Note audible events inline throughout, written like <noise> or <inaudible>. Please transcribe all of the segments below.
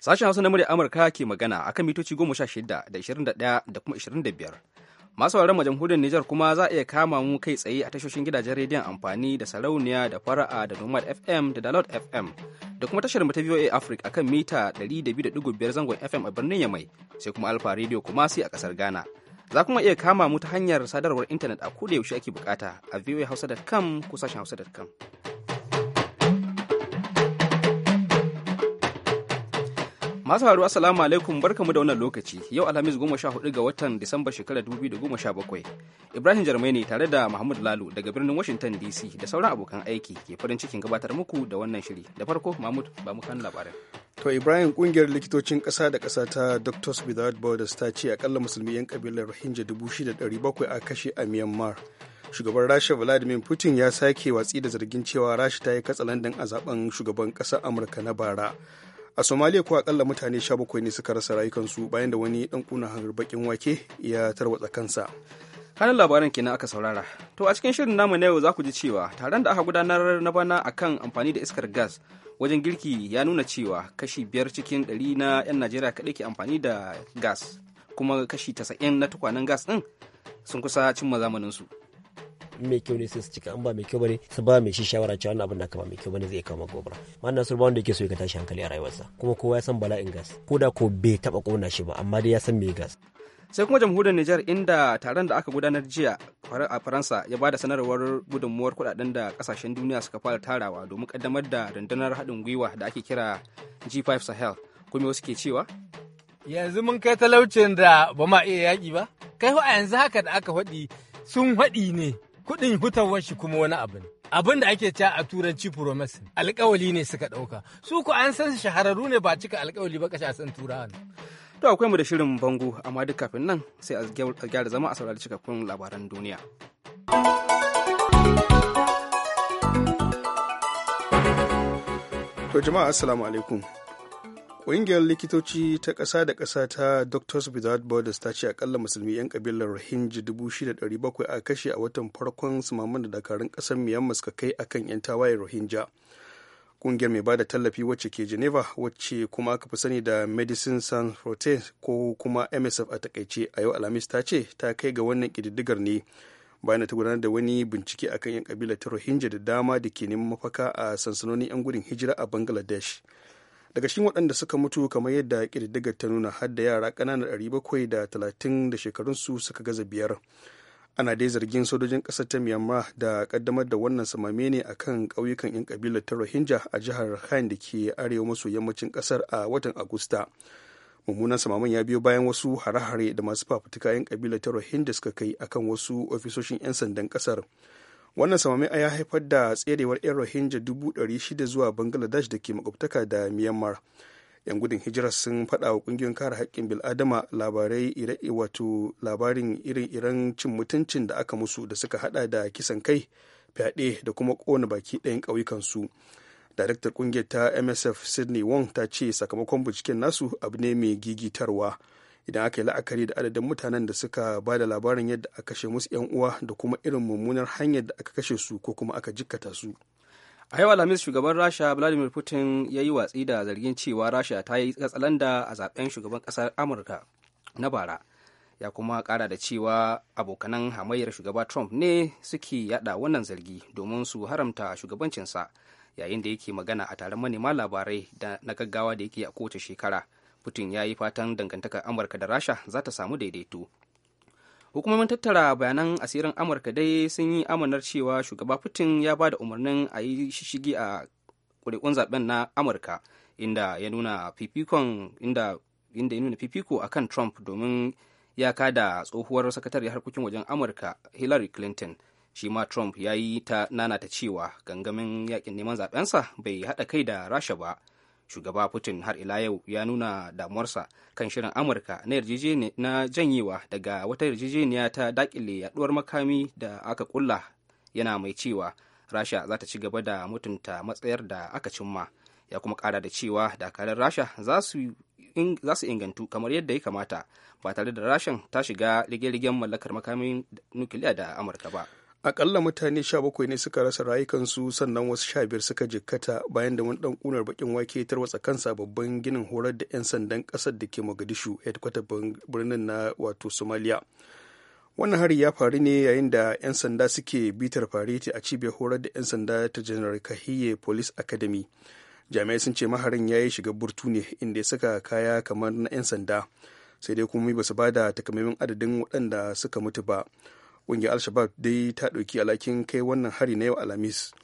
Sashen Hausa na murya Amurka ke magana akan mitoci shida da 21 da kuma 25. Masu sauraron mu jamhuriyar Nijar kuma za a iya kama mu kai tsaye a tashoshin gidajen rediyon amfani da sarauniya da fara'a da Nomad FM da Dalot FM da kuma tashar mu ta VOA Africa akan mita biyar zangon FM a birnin Yamai sai kuma Alfa Radio Kumasi sai a kasar Ghana. Za kuma iya kama mu ta hanyar sadarwar intanet a koda yaushe ake bukata a voahausa.com ko sashen hausa.com. Masu haru assalamu alaikum kamu da wannan lokaci yau alhamis goma sha hudu ga watan Disamba shekarar dubu da goma sha bakwai. Ibrahim Jarmai ne tare da Mahmud lalu daga birnin Washington DC da sauran abokan aiki ke farin cikin gabatar muku da wannan shiri. Da farko Mahmud ba mu kan labarin. To Ibrahim kungiyar likitocin kasa da kasa ta Doctors Without Borders ta ce akalla musulmi 'yan kabilar Rohingya dubu shida ɗari bakwai a kashe a Myanmar. Shugaban Rasha Vladimir Putin ya sake watsi da zargin cewa Rasha ta yi katsalandan a zaben shugaban kasar Amurka na bara. a somaliya kuwa akalla mutane 17 ne suka rasa rayukansu bayan da wani dan kuna bakin wake ya tarwatsa kansa kanan labaran kenan aka saurara to a cikin shirin namu na yau za ku ji cewa taron da aka gudanar na bana akan amfani da iskar gas wajen girki ya nuna cewa kashi biyar cikin ɗari na 'yan najeriya kaɗai ke amfani da gas kuma kashi tasa'in na tukwanen gas ɗin sun kusa cimma zamaninsu mai kyau ne sai su cika an ba mai kyau bane su ba mai shi shawara cewa wannan abin da kama mai kyau bane zai kama gobara wannan sun ba wanda yake so ya tashi hankali a rayuwarsa kuma kowa ya san bala'in gas ko da ko bai taba kona shi ba amma dai ya san mai gas sai kuma jamhuriyar Nijar inda taron da aka gudanar jiya a Faransa ya bada sanarwar gudunmuwar kudaden da kasashen duniya suka fara tarawa domin kaddamar da rundunar haɗin gwiwa da ake kira G5 Sahel kuma wasu ke cewa yanzu mun kai talaucin da ba ma iya yaki ba kai a yanzu haka da aka faɗi sun haɗi ne kuɗin fitowar shi kuma wani abu ne. Abin da ake cewa a turanci promise alkawali ne suka ɗauka. Su ku an san shahararru ne ba cika alkawali ba kashe san turawa ne. To akwai mu da shirin bango amma duk kafin nan sai a gyara zama a saurari cikakkun labaran duniya. To jama'a assalamu alaikum. Ƙungiyar likitoci ta ƙasa da ƙasa ta Doctors Without Borders ta ce akalla musulmi 'yan ƙabilar Rohingya 6,700 a kashe a watan farkon sumaman da dakarun ƙasar Myanmar suka kai akan 'yan tawaye Rohingya. Ƙungiyar mai bada tallafi wacce ke Geneva wacce kuma aka fi sani da Medicine Sans Frontières ko kuma MSF a takaice a yau Alhamis ta ce ta kai ga wannan ƙididdigar ne bayan ta gudanar da wani bincike akan 'yan ƙabilar ta Rohingya da dama da ke neman mafaka a sansanonin 'yan gudun hijira a Bangladesh. daga cikin waɗanda suka mutu kamar yadda ƙididdigar ta nuna har da yara ƙananan bakwai da da talatin shekarunsu suka gaza biyar ana dai zargin sojojin ƙasar ta myanmar da ƙaddamar da wannan samame ne a kan ƙauyukan 'yan ƙabilar ta rohingya a jihar rakhine da ke arewa maso yammacin ƙasar a watan agusta mummunan samaman ya biyo bayan wasu hare-hare da masu fafutuka 'yan ƙabilar ta rohingya suka kai akan wasu ofisoshin 'yan sandan ƙasar wannan samami'a ya haifar da tserewar 'yan rohingya 600 zuwa bangladesh da ke makwabtaka da myanmar yan gudun hijirar sun faɗa wa ƙungiyar kare haƙƙin bil'adama labarai ire wato labarin irin iren cin mutuncin da aka musu da suka haɗa da kisan kai fyaɗe da kuma ƙona baki ɗayan ƙauyukansu daraktar ƙungiyar ta msf sydney wong ta ce sakamakon binciken nasu abu ne mai gigitarwa idan aka yi la'akari da adadin mutanen da suka ba da labarin yadda aka kashe musu 'yan uwa da kuma irin mummunar hanyar da aka kashe su ko kuma aka jikkata su a yau alhamis shugaban rasha vladimir putin ya yi watsi da zargin cewa rasha ta yi katsalanda a zaben shugaban kasar amurka na bara ya kuma kara da cewa abokanan hamayyar shugaba trump ne suke yada wannan zargi domin su haramta shugabancinsa yayin da yake magana a taron manema labarai na gaggawa da yake a kowace shekara putin ya yi fatan dangantakar amurka da rasha za ta samu daidaito hukumomin tattara bayanan asirin amurka dai sun yi amanar cewa shugaba putin ya ba da umarnin a yi shishigi a kuri'un zaben na amurka inda ya nuna fifikon inda inda trump domin ya da tsohuwar sakatari harkokin wajen amurka hillary clinton shi ma trump ya yi ta nanata cewa gangamin yakin neman zaɓensa bai haɗa kai da rasha ba shugaba putin har ila yau ya nuna damuwarsa kan shirin amurka na na janyewa daga wata yarjejeniya ta dakile yaduwar makami da aka kulla yana mai cewa rasha za ta ci gaba da mutunta matsayar da aka cimma ya kuma kara da cewa dakarar rasha za su ingantu kamar yadda ya kamata ba tare da rashin ta shiga rige-rigen mallakar makamin nukiliya da amurka ba akalla mutane 17 ne suka rasa rayukansu sannan wasu sha biyar suka jikkata bayan da wani dan kunar bakin wake tarwatsa kansa babban ginin horar da 'yan sandan kasar da ke mogadishu headquarter birnin na wato somalia wannan hari ya faru ne yayin da 'yan sanda suke bitar fareti a cibiyar horar da 'yan sanda ta general kahiye police academy jami'ai sun ce maharin ya yi shiga burtu ne inda ya saka kaya kamar na 'yan sanda sai dai kuma ba su ba da takamaiman adadin waɗanda suka mutu ba ƙungiyar al-shabab dai ta ɗauki alhakin kai wannan hari na yau alhamis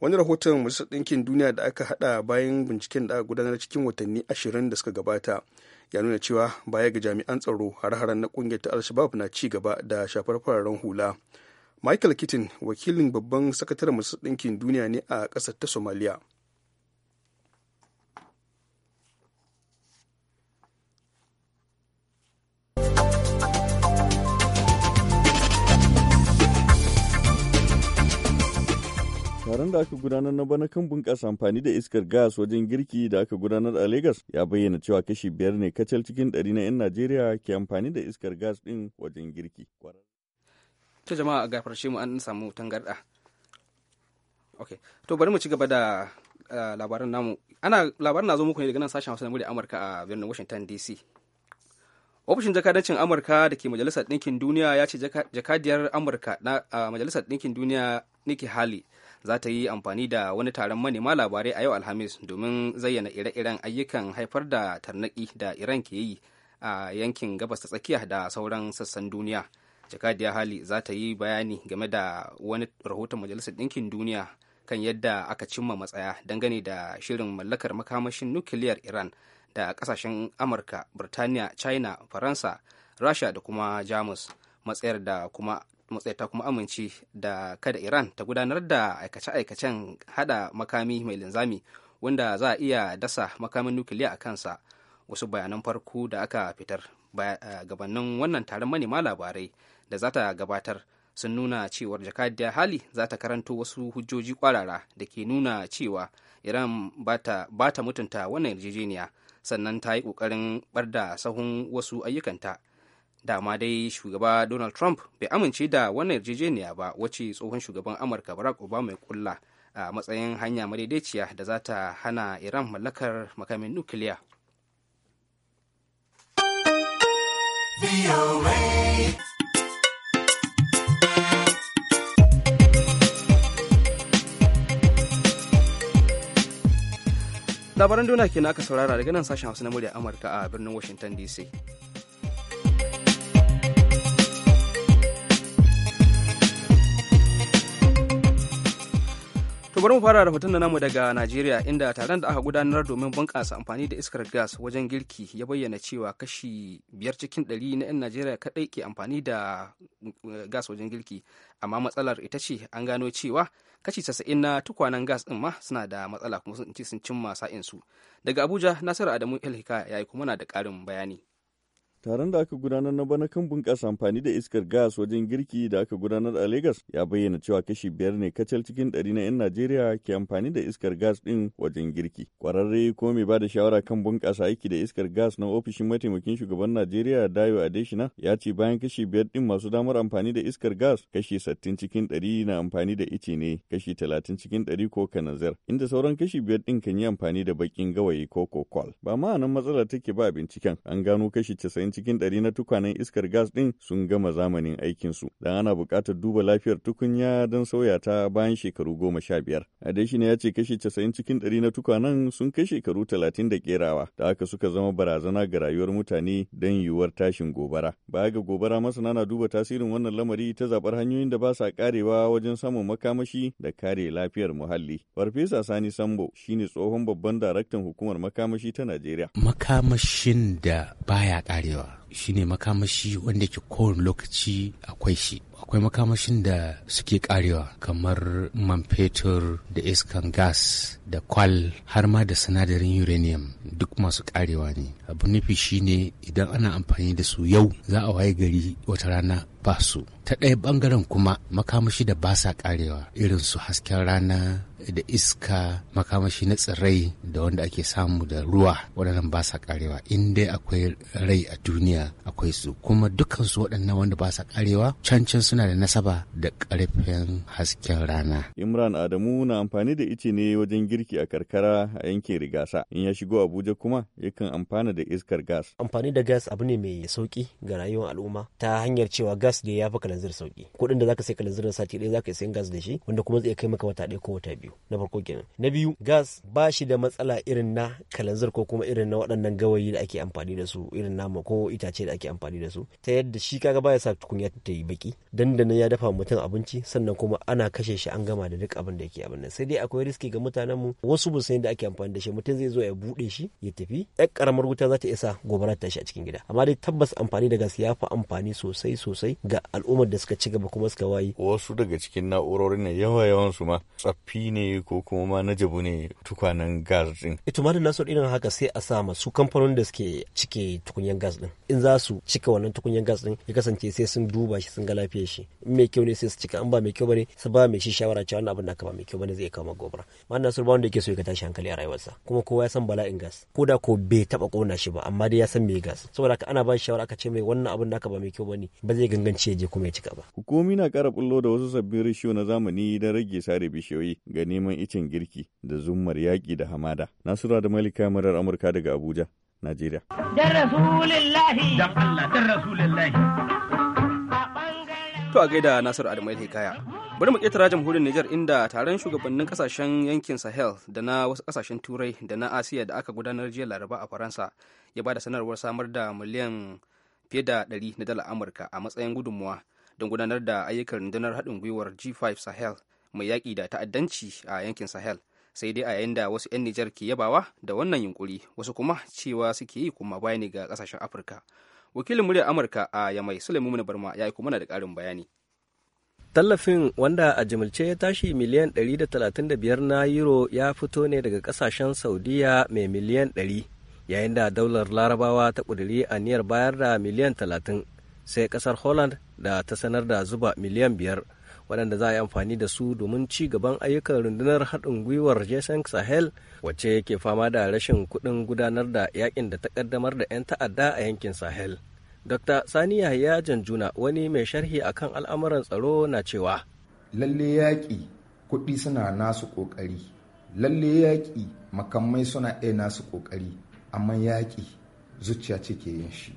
wani rahoton majalisar ɗinkin duniya da aka haɗa bayan binciken da aka gudanar cikin watanni ashirin da suka gabata ya nuna cewa baya ga jami'an tsaro hare-haren na ƙungiyar ta al-shabab na ci gaba da shafar fararen hula michael kittin wakilin babban sakataren majalisar ɗinkin duniya ne a ƙasar ta somaliya taron da aka gudanar na bana kan bunƙasa amfani da iskar gas wajen girki da aka gudanar a Legas ya bayyana cewa kashi biyar ne kacal cikin ɗari na 'yan Najeriya ke amfani da iskar gas ɗin wajen girki. To jama'a a gafarce mu an samu tangarɗa. Okay. To bari mu ci gaba da labaran namu. Ana labaran na zo muku ne daga nan sashen Hausa na murya Amurka a birnin Washington DC. ofishin jakadancin amurka da ke majalisar ɗinkin duniya ya ce jakadiyar amurka na majalisar ɗinkin duniya nikki Haley za ta yi amfani da wani taron manema labarai a yau alhamis domin zayyana ire-iren ayyukan haifar da tarnaki da iran ke yi a yankin gabas ta tsakiya da sauran sassan duniya jakadiya hali za ta yi bayani game da wani rahoton majalisar ɗinkin duniya kan yadda aka cimma matsaya dangane da shirin mallakar makamashin nukiliyar iran da kasashen amurka birtaniya china faransa rasha da kuma jamus matsayar da kuma matsayar ta kuma amince da kada iran ta gudanar da aikace-aikacen hada makami mai linzami wanda za a iya dasa makamin nukiliya a kansa wasu bayanan farko da aka fitar eh, gabanin wannan taron manema labarai da za ta gabatar sun nuna cewar jakadiyar hali za ta karanto wasu hujjoji kwarara da ke nuna cewa iran ba ta mutunta wannan yarjejeniya sannan ta yi ƙoƙarin bar da sahun wasu ayyukanta dama dai shugaba donald trump bai amince da wannan yarjejeniya ba wacce tsohon shugaban amurka barack obama ya kulla a matsayin hanya madaidaiciya da za ta hana iran mallakar makamin nukiliya labaran duniya kenan aka saurara daga nan sashen hausa na murya amurka a birnin washington dc bari mu fara da hoton namu daga Najeriya inda taron da aka gudanar domin bunƙasa amfani da iskar gas wajen girki ya bayyana cewa kashi biyar cikin ɗari na 'yan Najeriya kaɗai ke amfani da eh, gas wajen girki amma matsalar ita ce an gano cewa kashi casa'in na tukwanen gas ɗin ma suna da matsala kuma sun ci sun cimma sa'insu daga Abuja Nasiru Adamu Ilhika ya yi kuma na da ƙarin bayani. Taron da aka gudanar na bana kan bunƙasa amfani da iskar gas wajen girki da aka gudanar a Legas ya bayyana cewa kashi biyar ne kacal cikin ɗari na 'yan Najeriya ke amfani da iskar gas ɗin wajen girki. Kwararre ko mai ba da shawara kan bunƙasa aiki da iskar gas na ofishin mataimakin shugaban Najeriya Dayo Adeshina ya ce bayan kashi biyar ɗin masu damar amfani da iskar gas kashi sittin cikin ɗari na amfani da ice ne kashi talatin cikin ɗari ko kanazar inda sauran kashi biyar ɗin kan yi amfani da baƙin gawayi ko kokwal. Ba ma'anan matsalar take ba binciken an gano kashi casa'in cikin ɗari na tukwanen iskar gas ɗin sun gama zamanin aikinsu don ana buƙatar duba lafiyar tukunya don sauya ta bayan shekaru goma sha biyar. Adeshina ya ce kashe casa'in cikin ɗari na tukwanen sun kai shekaru talatin da ƙerawa da haka suka zama barazana ga rayuwar mutane don yiwuwar tashin gobara. Baya ga gobara masana na duba tasirin wannan lamari ta zaɓar hanyoyin da ba sa ƙarewa wajen samun makamashi da kare lafiyar muhalli. Farfesa Sani Sambo shine tsohon babban daraktan hukumar makamashi ta Najeriya. Makamashin da baya ƙarewa America. shi ne makamashi wanda ke kowane lokaci akwai shi akwai makamashin da suke karewa kamar man fetur da iskan gas da kwal har ma da sinadarin uranium duk masu karewa ne abu nufi shine idan ana amfani da su yau za a waye gari wata rana ba su ta ɗaya ɓangaren kuma makamashi da ba sa karewa irin su hasken rana da iska makamashi na tsirrai da wanda ake samu da ruwa waɗannan ba sa karewa in dai akwai rai a duniya akwai su kuma dukkan su waɗannan wanda ba sa karewa cancan suna da nasaba da ƙarfin hasken rana. Imran Adamu na amfani da ice ne wajen girki a karkara a yankin rigasa in ya shigo Abuja kuma yakan amfana da iskar gas. Amfani da gas abu ne mai sauki ga rayuwar al'umma ta hanyar cewa gas ne ya fi kalanzir sauki kuɗin da zaka sai kalanzir na sati ɗaya zaka sayan gas da shi wanda kuma zai kai maka wata ɗaya ko wata biyu na farko kenan na biyu gas ba shi da matsala irin na kalanzir ko kuma irin na waɗannan gawayi da ake amfani da su irin namu ko itace ce da ake amfani da su ta yadda shi kaga baya sa tukunya ta yi baki dandanan ya dafa mutum abinci sannan kuma ana kashe shi an gama da duk abin da yake abin nan sai dai akwai riski ga mutanen mu wasu bu san da ake amfani da shi mutum zai zo ya bude shi ya tafi yar karamar wuta za ta isa gobara ta shi a cikin gida amma dai tabbas amfani da gas ya fi amfani sosai sosai ga al'ummar da suka ci gaba kuma suka wayi wasu daga cikin na'urorin ne yawa yawan su ma tsaffi ne ko kuma ma na jabu ne tukwanen gas din ita ma da nasu irin haka sai a sa masu kamfanonin da suke cike tukunyan gas din in za su cika wannan tukunyar gas din ya kasance sai sun duba shi sun ga lafiyar shi in mai kyau ne sai su cika in ba mai kyau bane su ba mai shi shawara cewa wannan abin da aka ba mai kyau bane zai kawo gobara ma'ana su ba wanda yake so ya tashi hankali a rayuwarsa kuma kowa ya san bala'in gas ko da ko bai taba kona shi ba amma dai ya san mai gas saboda ka ana ba shi shawara aka ce mai wannan abin da aka ba mai kyau bane ba zai gangance ya je kuma ya cika ba hukumomi na kara bullo da wasu sabbin rishiyo na zamani da rage sare bishiyoyi ga neman icin girki da zummar yaki da hamada nasura da malika murar amurka daga abuja Najeriya. To a gaida Nasiru adamai Hikaya. Bari mu ƙetara jamhuriyar Nijar inda taron shugabannin kasashen yankin Sahel da na wasu kasashen Turai da na Asiya da aka gudanar jiya Laraba a Faransa ya ba da sanarwar samar da miliyan fiye da ɗari na dala Amurka a matsayin gudunmuwa don gudanar da ayyukan rundunar haɗin gwiwar G5 Sahel mai yaƙi da ta'addanci a yankin Sahel. sai dai a yayin da wasu 'yan nijar ke yabawa da wannan yunkuri wasu kuma cewa suke yi kuma baya ne ga kasashen afirka wakilin muryar amurka a yamai sulaimu barma ya yi kuma da ƙarin bayani Tallafin wanda a jimilce ya tashi miliyan 135 na yuro ya fito ne daga kasashen Saudiya mai miliyan 100 yayin da daular larabawa ta ƙudiri aniyar bayar da miliyan 30 sai kasar Holland da ta sanar da zuba miliyan 5 waɗanda za a yi amfani da su domin ci gaban ayyukan rundunar haɗin gwiwar jason sahel wacce yake fama da rashin kuɗin gudanar da yakin da ta ƙaddamar da 'yan ta'adda a yankin sahel dr sani yahya janjuna wani mai sharhi akan al'amuran tsaro na cewa lalle yaƙi kuɗi suna nasu ƙoƙari lalle yaƙi makamai suna ɗaya nasu ƙoƙari amma yaƙi zuciya ce ke yin shi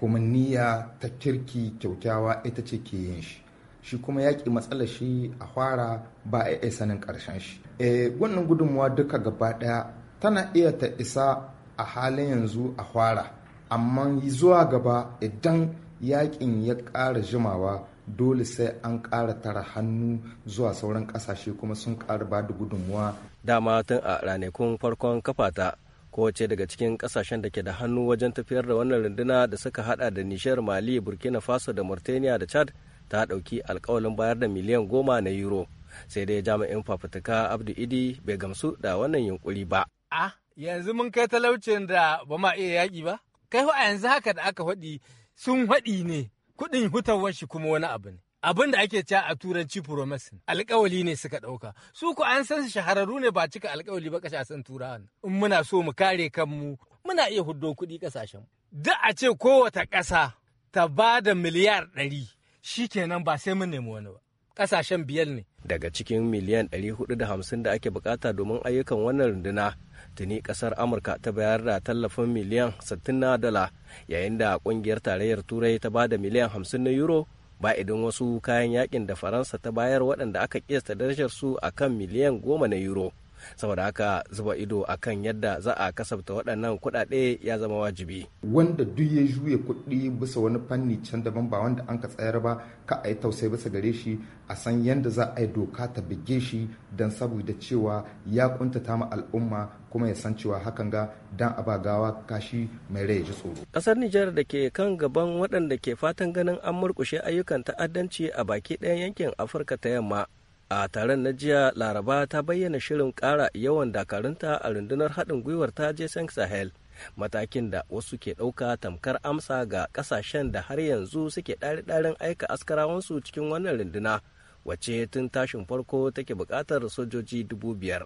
kuma niyya ta kirki kyautawa ita ce ke yin shi shi kuma yaƙi matsalar shi a fara ba a iya sanin ƙarshen shi eh, wannan gudunmuwa duka gaba ɗaya tana iya ta isa a halin yanzu a fara amma zuwa gaba idan yaƙin ya ƙara jimawa dole sai an ƙara tara hannu zuwa sauran ƙasashe kuma sun ƙara ba da gudunmuwa dama tun a ranakun farkon kafata kowace daga cikin kasashen da ke da hannu wajen tafiyar da wannan runduna da suka hada da nishar mali burkina faso da mauritania da chad ta ɗauki alkawalin bayar da miliyan goma na euro sai dai jami'in fafutuka abdu idi bai gamsu da wannan yunkuri ba a yanzu mun kai talaucin da ba ma iya yaƙi ba kai a yanzu haka da aka faɗi sun haɗi ne kuɗin hutawar shi kuma wani abu ne abin da ake cewa a turanci promise alkawali ne suka ɗauka su ku an san shahararru ne ba cika alkawali ba kasashen turawan in muna so mu kare kanmu muna iya huddo kuɗi kasashen duk a ce kowace ƙasa ta ba da miliyar ɗari shi kenan ba sai mun nemi wani ba ƙasashen biyar ne daga cikin miliyan 450 da ake bukata domin ayyukan wannan runduna tuni kasar amurka ta bayar da tallafin miliyan 60 na dala yayin da kungiyar tarayyar turai ta ba da miliyan 50 na euro ba idan wasu kayan yakin da faransa ta bayar waɗanda aka kiyasta darajar su a kan miliyan 10 na euro saboda haka zuba ido a kan yadda za a kasafta waɗannan kuɗaɗe ya zama wajibi wanda duk ya juya kuɗi bisa wani fanni can daban ba wanda an ka tsayar ba ka a yi tausayi bisa gare shi a san yadda za a yi doka ta bige shi don saboda cewa ya kuntata ma al'umma kuma ya san cewa hakan ga dan a ba gawa kashi mai rai ji tsoro. Kasar Nijar da ke kan gaban waɗanda ke fatan ganin an murƙushe ayyukan ta'addanci a baki ɗayan yankin Afirka ta yamma a taron na jiya laraba ta bayyana shirin kara yawan dakarunta a rundunar haɗin gwiwar ta jason sahel matakin da wasu ke ɗauka tamkar amsa ga ƙasashen da har yanzu suke ɗari-ɗarin aika askarawansu cikin wannan runduna wacce tun tashin farko take buƙatar sojoji dubu biyar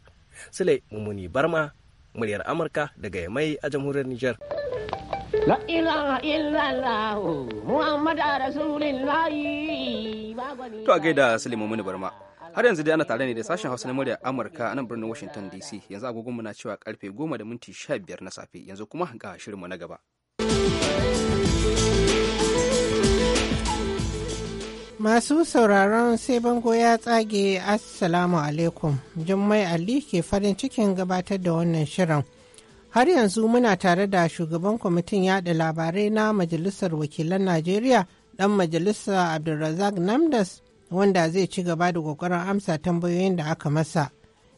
sule mummuni barma muryar amurka daga yamai a jamhuriyar niger To a gaida Suleiman Muni Barma har yanzu dai ana tare ne da sashen hausa na murya amurka a nan birnin washington dc yanzu agogonmu na cewa karfe goma da minti sha biyar na safe yanzu kuma ga shirinmu na gaba masu sauraron sai bango ya tsage assalamu alaikum jummai ali ke farin cikin gabatar da wannan shirin har yanzu muna tare da shugaban kwamitin yada labarai na majalisar wakilan najeriya dan majalisa abdulrazak namdas wanda zai ci gaba da kokarin amsa tambayoyin da aka masa.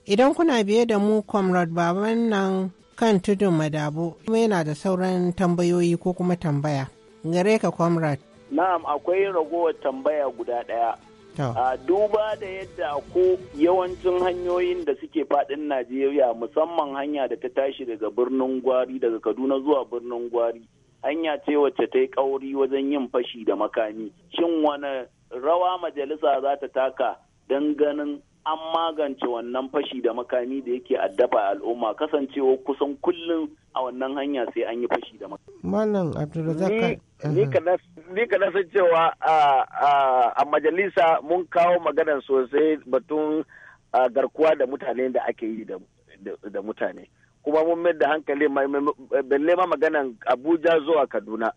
Idan kuna biye da mu Comrade Baban nan kan tudun madabo yana da sauran tambayoyi ko kuma tambaya. Gare ka Comrade. Na'am akwai ragowar tambaya guda ɗaya. A duba da yadda ko yawancin hanyoyin da suke faɗin Najeriya musamman hanya da ta tashi daga birnin gwari daga Kaduna zuwa birnin gwari. hanya ce wacce ta yi kauri wajen yin fashi da makami shin wani rawa majalisa za ta taka don ganin an magance wannan fashi da makami da yake addaba al'umma kasancewa kusan kullum a wannan hanya sai an yi fashi da makami. Malam Abdulrazak. Ni ka san cewa a majalisa mun kawo magana sosai batun garkuwa da mutane da ake yi da mutane. kuma mun mai da hankali balle ma maganan abuja zuwa kaduna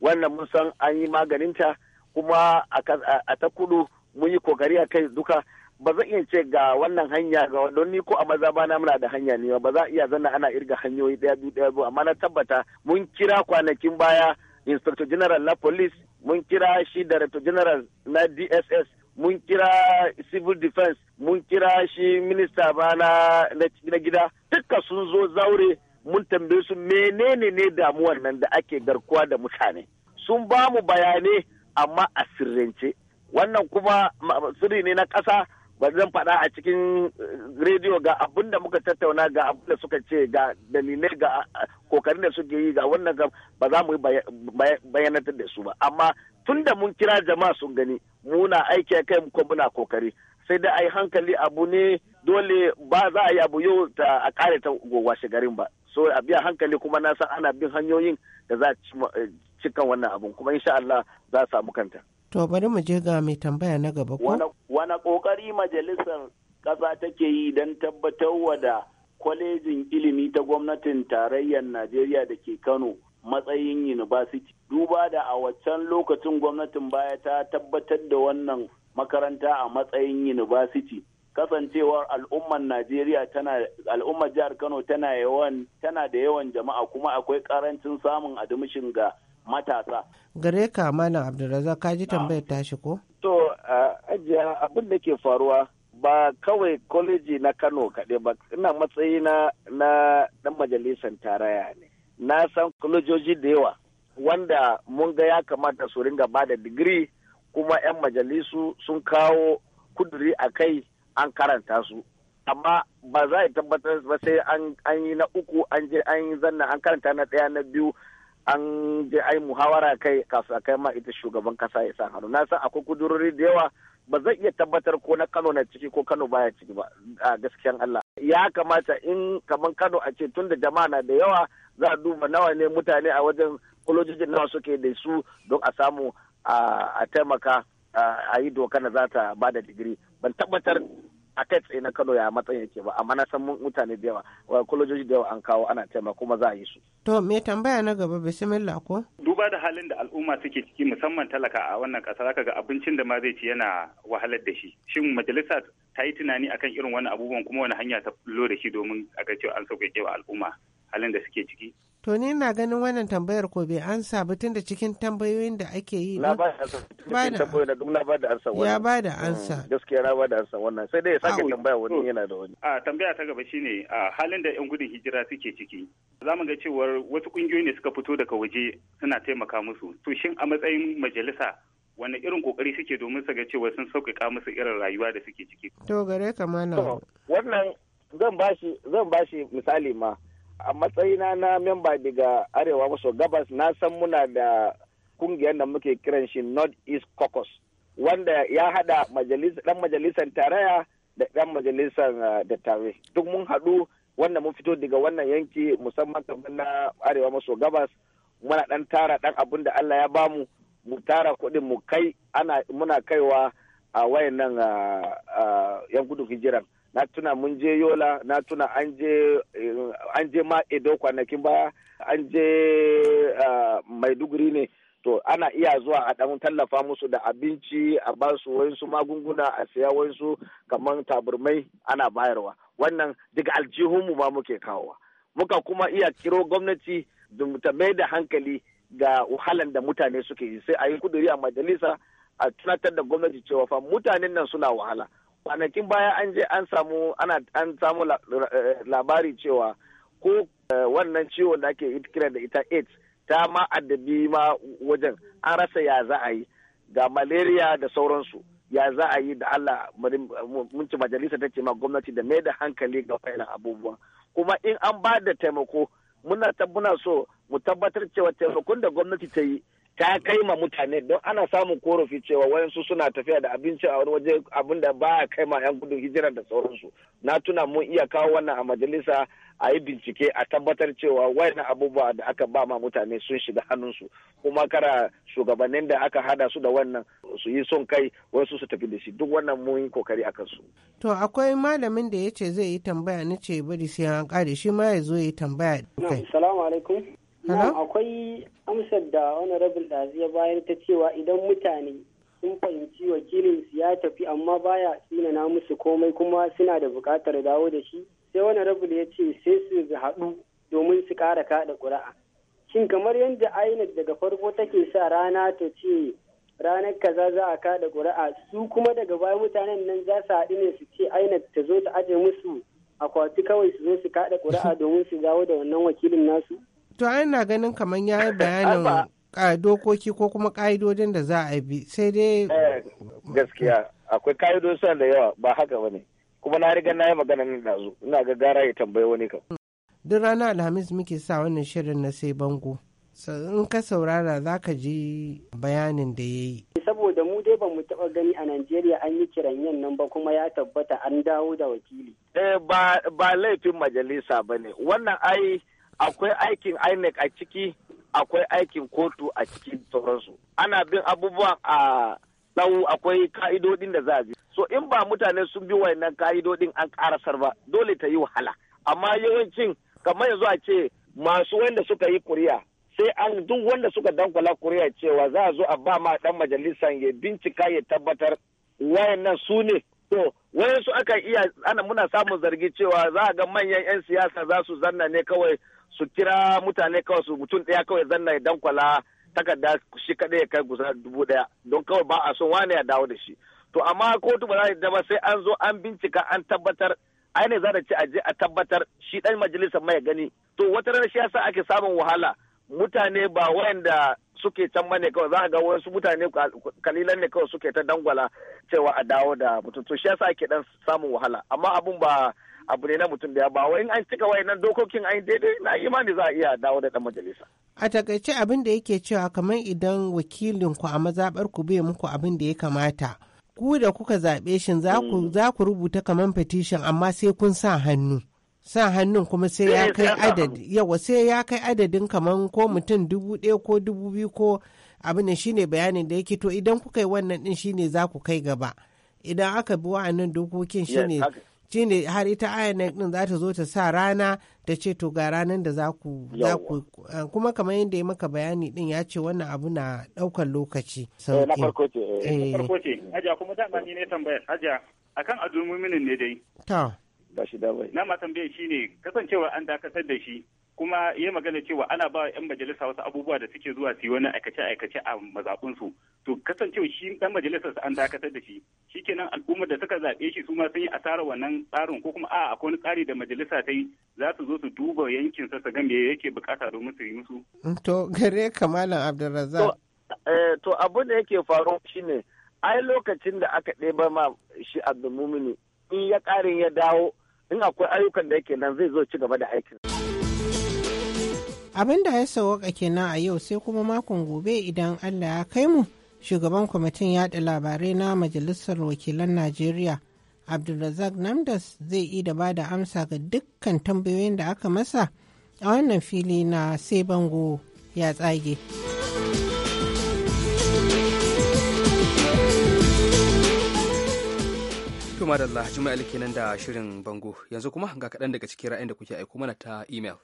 wannan mun san an yi ta kuma a ta kudu mun yi kokari a kai duka ba zan iya ce ga wannan hanya ga don ni ko a maza ba na muna da hanya ne ba za iya zana ana irga hanyoyi daya biyu daya biyu amma na tabbata mun kira kwanakin baya inspector general na police mun kira shi director general na dss mun kira civil defense mun kira shi minista ba na gida duka sun zo zaure mun tambaye su menene ne damuwar nan da ake garkuwa da mutane sun ba mu bayanai amma a sirrance wannan kuma sirri ne na ƙasa ba zan faɗa a cikin eh, rediyo ga abin da muka tattauna ga abin da suka ce ga dalilai ga eh, kokarin da suke yi ga wannan ba za mu yi bayanatar da su ba amma tun da mun kira jama'a sun gani muna aiki a kai muka muna kokari sai da a hankali abu ne dole ba za a yi abu yau ta a kare ta gowa garin ba so a biya hankali kuma na san ana bin hanyoyin da za a eh, cikan wannan abun kuma insha Allah za a samu kanta. To bari mu je ga mai tambaya na gaba ko? wani ƙoƙari majalisar ƙasa take yi don tabbatar da kwalejin ilimi ta gwamnatin tarayyar Najeriya da ke Kano matsayin yunibasiti. Duba da a waccan lokacin gwamnatin baya ta tabbatar da wannan makaranta a matsayin yunibasiti. Kasancewar al'ummar Najeriya tana al'ummar jihar Kano tana da yawan jama'a kuma akwai ƙarancin samun admission ga matasa. Gare ka Malam Abdulrazak ka ji tambayar tashi ko? To ajiya abin da ke faruwa ba kawai kwaleji na Kano kaɗai ba ina matsayi na ɗan majalisar taraya ne. Na san kwalejoji da yawa wanda mun ga ya kamata su ringa ba da digiri kuma 'yan majalisu sun kawo kuduri a kai an karanta su. amma ba za a tabbatar ba sai an yi na uku an je an yi zanna an karanta na ɗaya na biyu an je ai muhawara kai kasu kai ma ita shugaban kasa ya sa hannu na san akwai kudurori da yawa ba zan iya tabbatar ko na Kano na ciki ko Kano baya ciki ba a gaskiyan Allah ya kamata in kaman Kano a ce tunda jama'a na da yawa za a duba nawa ne mutane a wajen kulojijin nawa suke da su don a samu a taimaka a yi doka na za ta ba da digiri ban tabbatar a kai tsaye na Kano ya matsayin yake ba amma na san mutane da yawa kolojoji da yawa an kawo ana taimaka kuma za a yi su. To me tambaya na gaba bismillah ko? Duba da halin da al'umma suke ciki musamman talaka a wannan kasar haka ga abincin da ma zai ci yana wahalar da shi. Shin majalisa ta yi tunani akan irin wani abubuwan kuma wani hanya ta lura da shi domin a ga cewa an sauƙaƙe wa al'umma halin da suke ciki? To ni na ganin wannan tambayar ko bai ansa ba tun da cikin tambayoyin da ake yi. da duk na ansa wannan. Ya ba da ansa. Mm, gaskiya na ba da ansa wannan sai dai ya sake tambaya wani yana da wani. A tambaya ta gaba shine a halin da yan gudun hijira suke ciki. Za mu ga cewar wasu kungiyoyi ne suka fito daga waje suna taimaka musu. To shin a matsayin majalisa wani irin kokari suke domin su ga cewa sun sauƙaƙa musu irin rayuwa da suke ciki. To gare ka mana. Wannan zan bashi zan bashi misali ma. a matsayina na memba daga arewa maso gabas na san muna da kungiyar da muke kiran shi north east caucus wanda ya hada dan majalisar tarayya da dan majalisar uh, dattawa duk mun hadu wanda mun fito daga wannan yanki musamman kamar na arewa maso gabas muna dan tara dan abin da Allah ya bamu mu tara kuɗin mu kai ana muna kaiwa a uh, wayannan uh, yan gudun hijiran na tuna mun je yola na tuna an je eh, ma edo kwanakin baya an je eh, maiduguri ne to ana iya zuwa a ɗan tallafa musu da abinci a ba su wayansu magunguna a siya wayansu kamar taburmai ana bayarwa wannan daga aljihunmu ma muke kawowa muka kuma iya kiro gwamnati ta mai da hankali ga wahalan da mutane suke yi sai a yi kuduri a majalisa a tunatar da gwamnati cewa fa mutanen nan suna wahala kwanakin baya an je an samu an samu eh, labari cewa ko eh, wannan ciwon da ake kira da ita aids ta ma addabi ma wajen an rasa ya za a yi ga malaria da sauransu ya za a yi da Allah mun majalisa ta ce ma gwamnati da mai da hankali ga wayan abubuwa kuma in an ba da taimako muna tabbuna so mu tabbatar cewa taimakon da gwamnati ta yi ta kai ma mutane don ana samun korafi cewa wayansu suna tafiya da abinci a wani waje abin da ba a kai ma 'yan gudun hijira da sauransu na tuna mun iya kawo wannan a majalisa a yi bincike a tabbatar cewa wayannan abubuwa da aka ba ma mutane sun shiga hannunsu kuma kara shugabannin da aka hada su da wannan su yi son kai wasu su tafi da shi duk wannan mun yi kokari akan su. to akwai malamin da ya ce zai yi tambaya na ce bari sai an kare shi ma ya zo ya yi tambaya. salamu alaikum. akwai amsar da wani rabin ɗazu ya bayar ta cewa idan mutane sun fahimci wakilin su ya tafi amma baya na musu komai kuma suna da buƙatar dawo da shi sai wani rabin ya ce sai su haɗu domin su ƙara kaɗa ƙuri'a shin kamar yadda inec daga farko take sa rana ta ce ranar kaza za a kaɗa ƙuri'a su kuma daga baya mutanen nan za su haɗu ne su ce inec ta zo ta aje musu akwati kawai su zo su kaɗa ƙuri'a <laughs> domin su dawo da wannan wakilin nasu to ana ganin kamar ya yi bayanin dokoki ko kuma ka'idodin da za a bi sai dai eh, gaskiya akwai ka'idodin da yawa ba haka ba ne kuma na riga na yi magana nan da zo ina ga gara ya tambaye wani kan duk rana alhamis muke sa wannan shirin na sai bango in ka saurara za ka ji bayanin da ya yi saboda mu dai mu taba gani a Najeriya an yi kiran yin nan ba kuma ya tabbata an dawo da wakili eh ba laifin majalisa bane wannan ai akwai aikin INEC a ciki akwai aikin kotu a cikin sauransu ana bin abubuwan a tsawo akwai ka'idodin da za a bi so in ba mutane sun bi wayannan ka'idodin an karasar ba dole ta yi wahala amma yawancin kamar yanzu a ce masu wanda suka yi kuriya sai an duk wanda suka dankwala kuriya cewa za a zo a ba ma dan majalisar ya bincika ya tabbatar wayannan su ne to wayansu aka iya ana muna samun zargi cewa za a ga manyan 'yan siyasa za su zanna ne kawai su kira mutane kawai su mutum ɗaya kawai zanna ya dankwala takarda shi kaɗai ya kai gusa dubu ɗaya don kawai ba a son wane ya dawo da shi to amma kotu ba za ta ba sai an zo an bincika an tabbatar ai ne za ta ce a je a tabbatar shi ɗan majalisar mai gani to wata rana shi yasa ake samun wahala mutane ba wayanda suke can bane kawai za a ga wasu mutane kalilan ne kawai suke ta dangwala cewa a dawo da mutum to shi yasa ake dan samun wahala amma abun ba abu ne na mutum da ba wai in an cika wayannan dokokin an daidai na imani za a iya dawo da dan majalisa a takaice abin da yake cewa kamar idan wakilin ku a mazabar ku bai muku abin da ya kamata ku da kuka zaɓe shi mm. za ku rubuta kamar petition amma sai kun sa hannu sa hannun kuma sai ya eh, kai adadi yawa sai ya kai adadin kaman ko mutum dubu ɗaya ko dubu biyu ko abin da shine bayanin da yake to idan kuka yi wannan din shine za ku kai gaba idan aka bi wa'annan dokokin shine shine har ita INEC din za ta zo ta sa rana ta ce to ga ranar da za ku eh, kuma kamar yadda ya maka bayani din ya ce wannan abu na daukar lokaci eh, sauki na farko ce eh, na farko ce haja kuma da ni ne tambayar haja akan adurmuminin ne dai to ba shi da bai na ma tambayar shine kasancewa an dakatar da shi kuma ya magana cewa ana ba 'yan majalisa wasu abubuwa da suke zuwa su yi wani aikace-aikace a su to kasancewa shi ɗan su an dakatar da shi shikenan al'ummar da suka zaɓe shi su ma sun yi asarar wannan tsarin ko kuma a akwai wani tsari da majalisa ta yi za su zo su duba yankin sa su ga me yake bukata domin su yi musu. to gare ka malam abdulrazak. to eh, abun da yake faru shine ai lokacin da aka ɗeba ma shi abdulmumini in ya ƙarin ya dawo in akwai ayyukan da yake nan zai zo ci gaba da aikin. abin da ya sawaka kenan a yau sai kuma makon gobe idan allah ya kai mu shugaban kwamitin yaɗa labarai na majalisar wakilan najeriya abdulrazak namdas zai yi da bada amsa ga dukkan tambayoyin da aka masa a wannan fili na sai bango ya tsage da allah juma'a kenan da shirin bango yanzu kuma ga kaɗan daga cikin ra'ayin da kuke aiko mana ta imel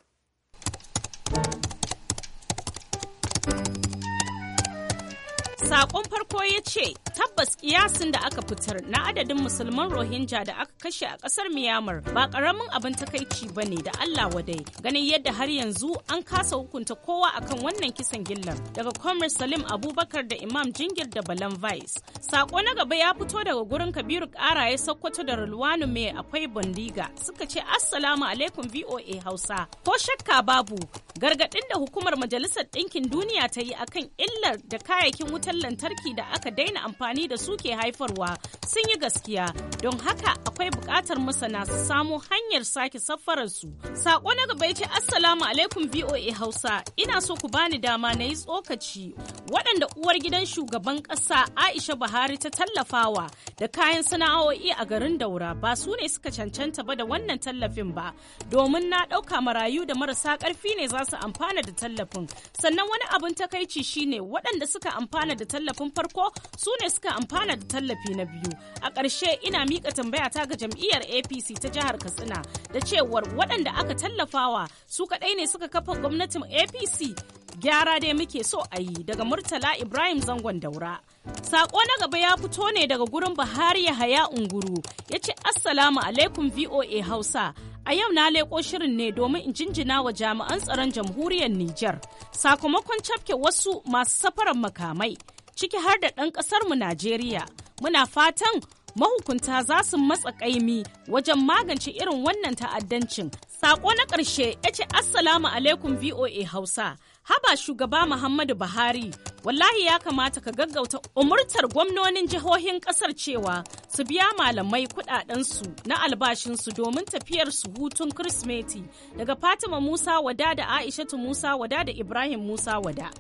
Sakon farko ya ce tabbas kiyasin da aka fitar na adadin musulman Rohingya da aka kashe a kasar Myanmar ba karamin abin takaici ba ne da Allah wadai ganin yadda har yanzu an kasa hukunta kowa akan wannan kisan gillan daga Comrade Salim Abubakar da Imam Jingir da Balan Vice. Sako na gaba ya fito daga gurin Kabiru Kara ya Sokoto da Rulwanu mai akwai Bondiga suka ce Assalamu alaikum VOA Hausa. Ko shakka babu gargadin da hukumar Majalisar Ɗinkin Duniya ta yi akan illar da kayayyakin wutar wutar lantarki da aka daina amfani da su ke haifarwa sun yi gaskiya don haka akwai buƙatar masana su samo hanyar sake saffararsu. Sako na gaba ce Assalamu alaikum VOA Hausa ina so ku bani dama na yi tsokaci waɗanda uwar gidan shugaban ƙasa Aisha Buhari ta tallafawa da kayan sana'o'i a garin Daura ba su ne suka cancanta ba da wannan tallafin ba domin na ɗauka marayu da marasa ƙarfi ne za su amfana da tallafin sannan wani abin takaici shine waɗanda suka amfana da da tallafin farko su ne suka amfana da tallafi na biyu a ƙarshe ina miƙa tambaya ta ga jam'iyyar apc ta jihar katsina da cewar waɗanda aka tallafawa su kaɗai ne suka kafa gwamnatin apc gyara dai muke so a yi daga murtala ibrahim zangon daura sako na gaba ya fito ne daga gurin buhari yahaya unguru ya ce assalamu alaikum voa hausa a yau na leko shirin ne domin in jinjina wa jami'an tsaron jamhuriyar nijar sakamakon cafke wasu masu safarar makamai ciki har da ɗan ƙasarmu Najeriya. Muna fatan mahukunta za su matsa ƙaimi wajen magance irin wannan ta'addancin. Sako na ƙarshe ya ce Assalamu alaikum VOA Hausa. Haba shugaba Muhammadu Buhari, wallahi ya kamata ka gaggauta umurtar gwamnonin jihohin ƙasar cewa su biya malamai kuɗaɗensu na albashinsu domin tafiyar su hutun Kirsimeti daga Fatima Musa Wada da aisha Musa Wada da Ibrahim Musa Wada.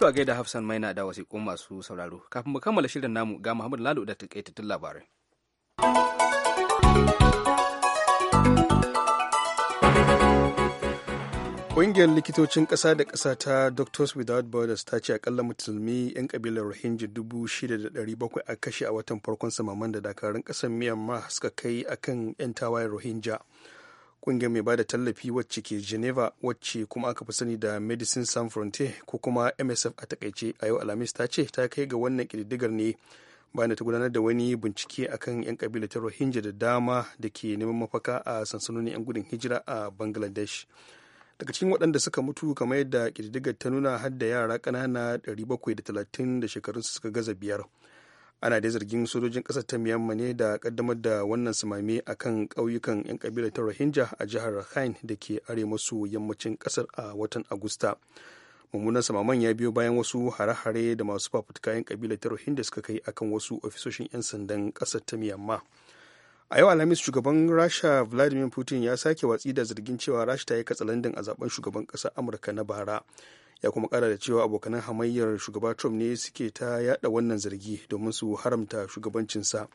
To a gaida Hafsan Maina da wasiƙun masu sauraro. Kafin mu kammala shirin namu ga Muhammadu Lalu da takaitattun labarai. Ƙungiyar likitocin ƙasa da ƙasa ta Doctors Without Borders ta ce akalla musulmi 'yan ƙabilar Rohingya 6,700 a kashe a watan farkon samaman da dakarun ƙasar Myanmar suka kai akan 'yan tawayen Rohingya. kungiyar mai bada tallafi wacce ke geneva wacce kuma aka fi sani da medicine san frontier ko kuma msf a takaice a yau alhamis ta ce ta kai ga wannan kididdigar ne bayan da ta gudanar da wani bincike akan 'yan kabilar ta rohingya da dama da ke neman mafaka a sansanonin 'yan gudun hijira a bangladesh daga cikin waɗanda suka mutu kamar yadda kididdigar ta nuna har da yara ƙanana 730 da shekarunsu suka gaza biyar ana da zargin sojojin ƙasar ta miyamma ne da kaddamar da wannan samame a kan ƙauyukan 'yan kabilar ta rohingya a jihar rakhine da ke are masu yammacin ƙasar a watan agusta mummunan samaman ya biyo bayan wasu hare-hare da masu fafutuka 'yan kabilar ta rohingya suka kai akan wasu ofisoshin 'yan sandan ƙasar ta miyamma a yau alhamis shugaban rasha vladimir putin ya sake watsi da zargin cewa rasha ta yi katsalandin a zaben shugaban ƙasar amurka na bara ya kuma kara da cewa abokanan hamayyar shugaba trump ne suke ta yada wannan zargi domin su haramta shugabancinsa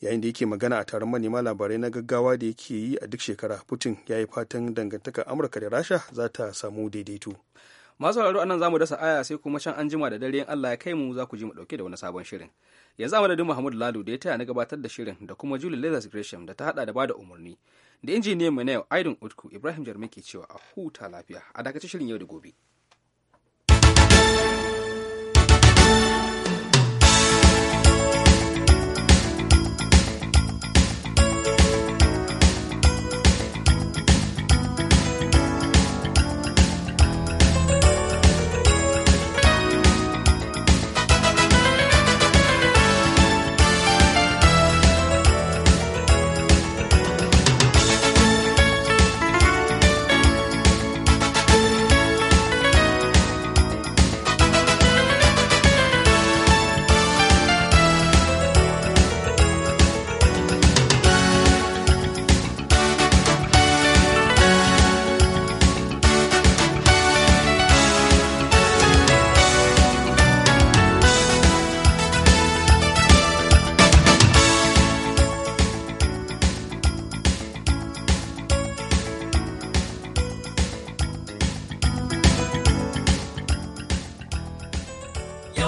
yayin da yake magana a taron manema labarai na gaggawa da yake yi a duk shekara putin ya yi fatan dangantakar amurka da rasha za ta samu daidaito masu sauraro anan zamu dasa aya sai kuma can anjima da dare Allah ya kai mu za ku ji mu dauke da wani sabon shirin yanzu a madadin Muhammad Lalu da ya taya na gabatar da shirin da kuma Julie Leathers Gresham da ta hada da bada umarni da injiniyan mai na yau Utku Ibrahim Jarmi ke cewa a huta lafiya a dakaci shirin yau da gobe